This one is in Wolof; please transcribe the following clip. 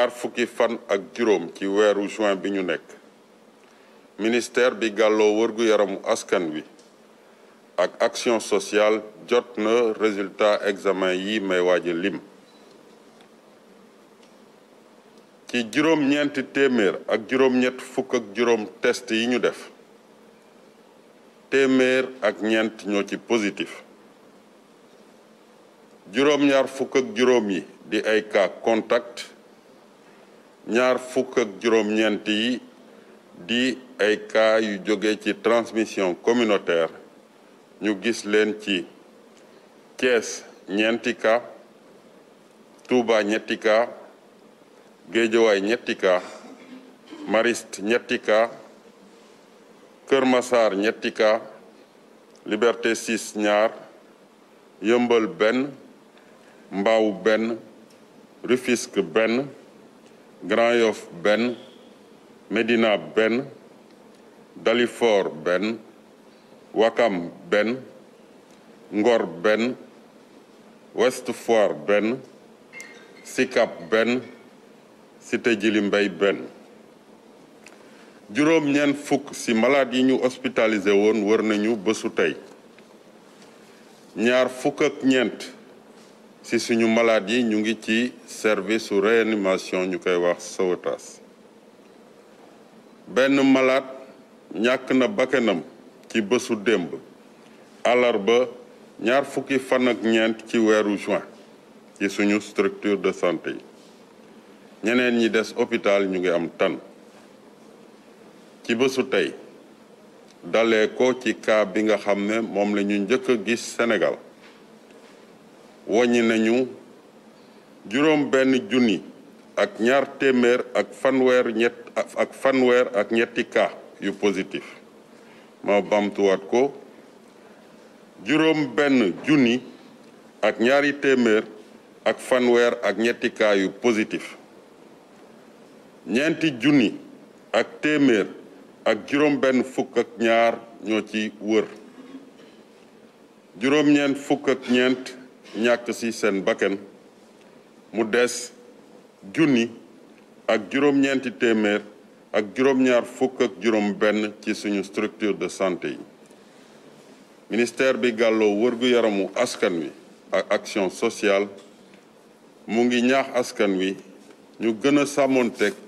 ñaar fukki fan ak juróom ci weeru juin bi ñu nekk ministère bi gàlloo wërgu yaramu askan wi ak action sociale jot na résultat examen yi may waaja lim ci juróom test yi ñu def téeméer ak ñeent ñoo ci positif juróom yi di ay cas contact ñaar fukk ak juróom-ñeent yi di ay kaa yu jóge ci transmission communautaire ñu gis leen ci Thiès ñeenti ka Touba ñetti cas Guédiawaye ñetti ka Mariste ñetti cas Kër Massar ñetti cas Liberté 6 ñaar Yëmbal benn Mbao benn Rufisque benn Grand Yoff benn Médina benn dalifor benn Wakam benn Ngor benn Ouest benn Sicap benn jili Djilimbey benn juróom-ñeent fukk ci malade yi ñu hospitalisé woon wër nañu bésu tey ñaar fukk ak ñeent si suñu malade yi ñu ngi ci service réanimation ñu koy wax sauvetage ben malade ñak na bakkanam ci bésu démb àllarba ñaar fukki fan ak ñent ci wéru juin ci suñu structure de santé ñeneen ñi des hôpital ñu ngi am tan ci bésu tay dalé ko ci cas bi nga xamné mom la gis Sénégal woññi nañu juróom benn junni ak ñaar téeméer ak fanweer ñett ak fanweer ak ñetti cas yu positif ma bamtuwaat ko juróom benn junni ak ñaari téeméer ak fanweer ak ñetti cas yu positif ñeenti junni ak téeméer ak juróom benn fukk ñaar ñoo ci wër juróom ñeent fukk ak ñàkk ci seen bakken mu des junni ak juróom-ñeenti téeméer ak juróom-ñaar fukk ak juróom benn ci suñu structure de santé yi ministère bi gàlloo wërgu yaramu askan wi ak action sociale mu ngi ñaax askan wi ñu gën a sàmmoonteeg